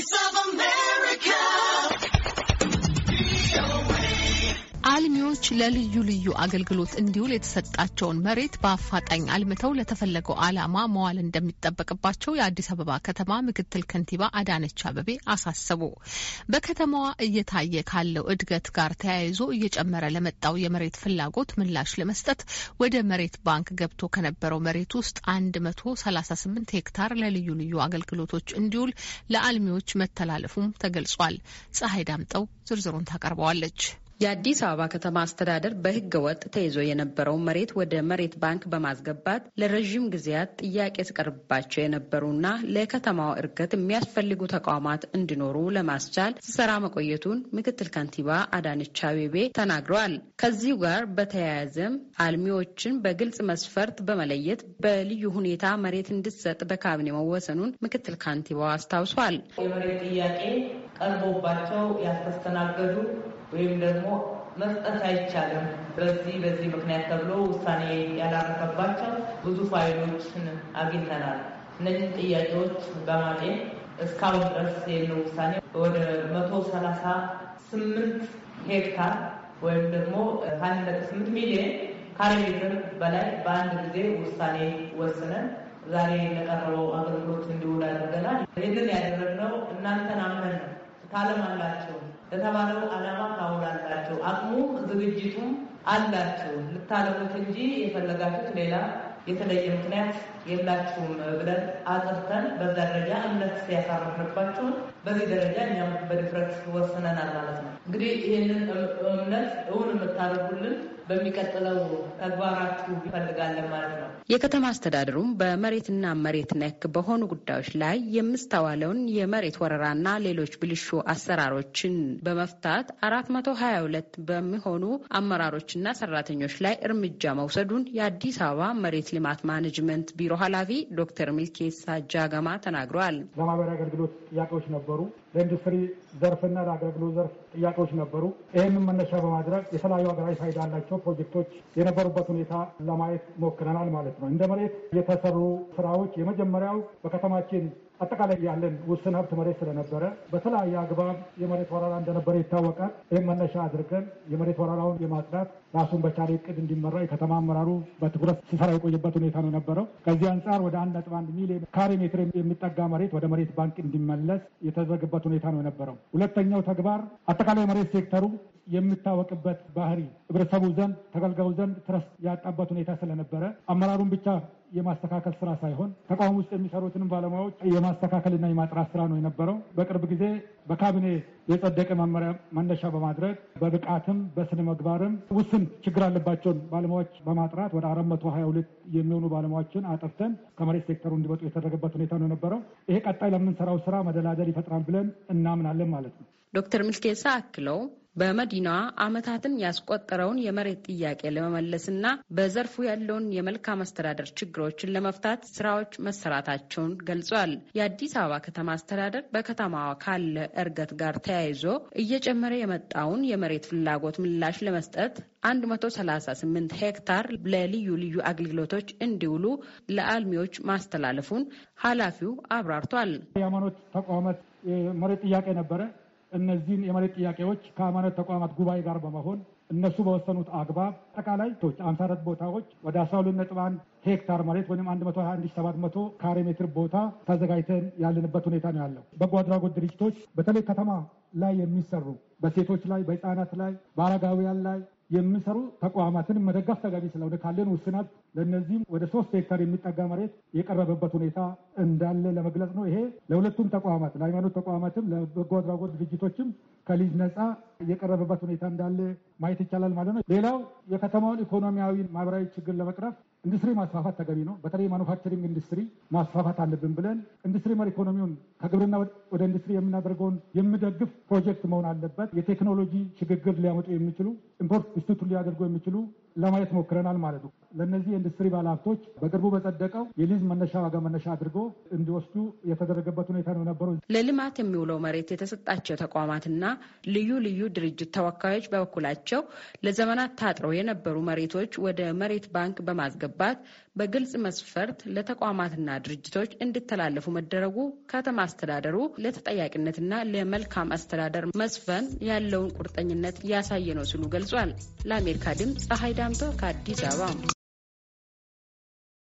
voice of ዜጎች ለልዩ ልዩ አገልግሎት እንዲውል የተሰጣቸውን መሬት በአፋጣኝ አልምተው ለተፈለገው ዓላማ መዋል እንደሚጠበቅባቸው የአዲስ አበባ ከተማ ምክትል ከንቲባ አዳነች አበቤ አሳሰቡ። በከተማዋ እየታየ ካለው እድገት ጋር ተያይዞ እየጨመረ ለመጣው የመሬት ፍላጎት ምላሽ ለመስጠት ወደ መሬት ባንክ ገብቶ ከነበረው መሬት ውስጥ 138 ሄክታር ለልዩ ልዩ አገልግሎቶች እንዲውል ለአልሚዎች መተላለፉም ተገልጿል። ፀሐይ ዳምጠው ዝርዝሩን ታቀርበዋለች። የአዲስ አበባ ከተማ አስተዳደር በህገ ወጥ ተይዞ የነበረውን መሬት ወደ መሬት ባንክ በማስገባት ለረዥም ጊዜያት ጥያቄ ሲቀርብባቸው የነበሩና ለከተማዋ እርገት የሚያስፈልጉ ተቋማት እንዲኖሩ ለማስቻል ሲሰራ መቆየቱን ምክትል ከንቲባ አዳነች አቤቤ ተናግረዋል። ከዚሁ ጋር በተያያዘም አልሚዎችን በግልጽ መስፈርት በመለየት በልዩ ሁኔታ መሬት እንድትሰጥ በካቢኔ መወሰኑን ምክትል ከንቲባው አስታውሷል። የመሬት ጥያቄ ቀርቦባቸው ያስተስተናገዱ ወይም ደግሞ መስጠት አይቻልም በዚህ በዚህ ምክንያት ተብሎ ውሳኔ ያላረፈባቸው ብዙ ፋይሎችን አግኝተናል። እነዚህን ጥያቄዎች በማጤ እስካሁን ድረስ የለ ውሳኔ ወደ መቶ ሰላሳ ስምንት ሄክታር ወይም ደግሞ ከአንድ ነጥብ ስምንት ሚሊዮን ካሬ ሜትር በላይ በአንድ ጊዜ ውሳኔ ወስነን ዛሬ ለቀረበው አገልግሎት እንዲውል አድርገናል። ይህንን ያደረግነው እናንተን አምነን ታለማላቸው ለተባለው ዓላማ ታውላላችሁ። አቅሙም ዝግጅቱም አላችሁ ልታለሙት እንጂ የፈለጋችሁት ሌላ የተለየ ምክንያት የላችሁም ብለን አጥርተን በዛ ደረጃ እምነት ሲያሳርፍንባችሁን በዚህ ደረጃ እኛም በድፍረት ወስነናል ማለት ነው። እንግዲህ ይህንን እምነት እውን የምታደርጉልን በሚቀጥለው ተግባራችሁ ይፈልጋለን ማለት ነው። የከተማ አስተዳደሩም በመሬትና መሬት ነክ በሆኑ ጉዳዮች ላይ የምስተዋለውን የመሬት ወረራና ሌሎች ብልሹ አሰራሮችን በመፍታት አራት መቶ ሀያ ሁለት በሚሆኑ አመራሮችና ሰራተኞች ላይ እርምጃ መውሰዱን የአዲስ አበባ መሬት ልማት ማኔጅመንት ቢሮ ኃላፊ ዶክተር ሚልኬሳ ጃገማ ተናግረዋል። ለማህበራዊ አገልግሎት ጥያቄዎች ነበሩ ነበሩ፣ ለኢንዱስትሪ ዘርፍና ለአገልግሎት ዘርፍ ጥያቄዎች ነበሩ። ይህንን መነሻ በማድረግ የተለያዩ ሀገራዊ ፋይዳ ያላቸው ፕሮጀክቶች የነበሩበት ሁኔታ ለማየት ሞክረናል ማለት ነው። እንደ መሬት የተሰሩ ስራዎች የመጀመሪያው በከተማችን አጠቃላይ ያለን ውስን ሀብት መሬት ስለነበረ በተለያየ አግባብ የመሬት ወረራ እንደነበረ ይታወቃል። ይህም መነሻ አድርገን የመሬት ወረራውን የማጽዳት ራሱን በቻለ እቅድ እንዲመራ የከተማ አመራሩ በትኩረት ሲሰራ የቆየበት ሁኔታ ነው የነበረው። ከዚህ አንጻር ወደ አንድ ነጥብ አንድ ሚሊዮን ካሬ ሜትር የሚጠጋ መሬት ወደ መሬት ባንክ እንዲመለስ የተደረገበት ሁኔታ ነው የነበረው። ሁለተኛው ተግባር አጠቃላይ መሬት ሴክተሩ የምታወቅበት ባህሪ ህብረተሰቡ ዘንድ ተገልጋዩ ዘንድ ትረስ ያጣበት ሁኔታ ስለነበረ አመራሩን ብቻ የማስተካከል ስራ ሳይሆን ተቋም ውስጥ የሚሰሩትንም ባለሙያዎች የማስተካከልና የማጥራት ስራ ነው የነበረው። በቅርብ ጊዜ በካቢኔ የጸደቀ መመሪያ መነሻ በማድረግ በብቃትም በስነ ምግባርም ውስን ችግር አለባቸውን ባለሙያዎች በማጥራት ወደ አራት መቶ ሀያ ሁለት የሚሆኑ ባለሙያዎችን አጥርተን ከመሬት ሴክተሩ እንዲወጡ የተደረገበት ሁኔታ ነው የነበረው። ይሄ ቀጣይ ለምንሰራው ስራ መደላደል ይፈጥራል ብለን እናምናለን ማለት ነው። ዶክተር ምልኬሳ አክለው በመዲናዋ ዓመታትን ያስቆጠረውን የመሬት ጥያቄ ለመመለስና በዘርፉ ያለውን የመልካም አስተዳደር ችግሮችን ለመፍታት ስራዎች መሰራታቸውን ገልጿል። የአዲስ አበባ ከተማ አስተዳደር በከተማዋ ካለ እርገት ጋር ተያይዞ እየጨመረ የመጣውን የመሬት ፍላጎት ምላሽ ለመስጠት 138 ሄክታር ለልዩ ልዩ አገልግሎቶች እንዲውሉ ለአልሚዎች ማስተላለፉን ኃላፊው አብራርቷል። የሃይማኖት ተቋማት መሬት ጥያቄ ነበረ። እነዚህን የመሬት ጥያቄዎች ከሃይማኖት ተቋማት ጉባኤ ጋር በመሆን እነሱ በወሰኑት አግባብ አጠቃላይ ቶች አምሳ አራት ቦታዎች ወደ አስራ ሁለት ነጥብ አንድ ሄክታር መሬት ወይም አንድ መቶ ሀያ አንድ ሰባት መቶ ካሬ ሜትር ቦታ ተዘጋጅተን ያለንበት ሁኔታ ነው ያለው። በጎ አድራጎት ድርጅቶች በተለይ ከተማ ላይ የሚሰሩ በሴቶች ላይ፣ በህፃናት ላይ፣ በአረጋውያን ላይ የሚሰሩ ተቋማትን መደገፍ ተገቢ ስለሆነ ካለን ውስናት ለእነዚህም ወደ ሶስት ሄክታር የሚጠጋ መሬት የቀረበበት ሁኔታ እንዳለ ለመግለጽ ነው። ይሄ ለሁለቱም ተቋማት ለሃይማኖት ተቋማትም ለበጎ አድራጎት ድርጅቶችም ከሊዝ ነፃ የቀረበበት ሁኔታ እንዳለ ማየት ይቻላል ማለት ነው። ሌላው የከተማውን ኢኮኖሚያዊ ማህበራዊ ችግር ለመቅረፍ ኢንዱስትሪ ማስፋፋት ተገቢ ነው። በተለይ ማኑፋክቸሪንግ ኢንዱስትሪ ማስፋፋት አለብን ብለን ኢንዱስትሪ መር ኢኮኖሚውን ከግብርና ወደ ኢንዱስትሪ የምናደርገውን የሚደግፍ ፕሮጀክት መሆን አለበት። የቴክኖሎጂ ሽግግር ሊያመጡ የሚችሉ ኢምፖርት ኢንስቲቱት ሊያደርጉ የሚችሉ ለማየት ሞክረናል ማለት ነው። ለእነዚህ የኢንዱስትሪ ባለሀብቶች በቅርቡ በጸደቀው የሊዝ መነሻ ዋጋ መነሻ አድርጎ እንዲወስዱ የተደረገበት ሁኔታ ነው የነበረው። ለልማት የሚውለው መሬት የተሰጣቸው ተቋማትና ልዩ ልዩ ድርጅት ተወካዮች በበኩላቸው ለዘመናት ታጥረው የነበሩ መሬቶች ወደ መሬት ባንክ በማዝገብ በማስገባት በግልጽ መስፈርት ለተቋማትና ድርጅቶች እንዲተላለፉ መደረጉ ከተማ አስተዳደሩ ለተጠያቂነትና ለመልካም አስተዳደር መስፈን ያለውን ቁርጠኝነት ያሳየ ነው ሲሉ ገልጿል። ለአሜሪካ ድምፅ ፀሐይ ዳምቶ ከአዲስ አበባ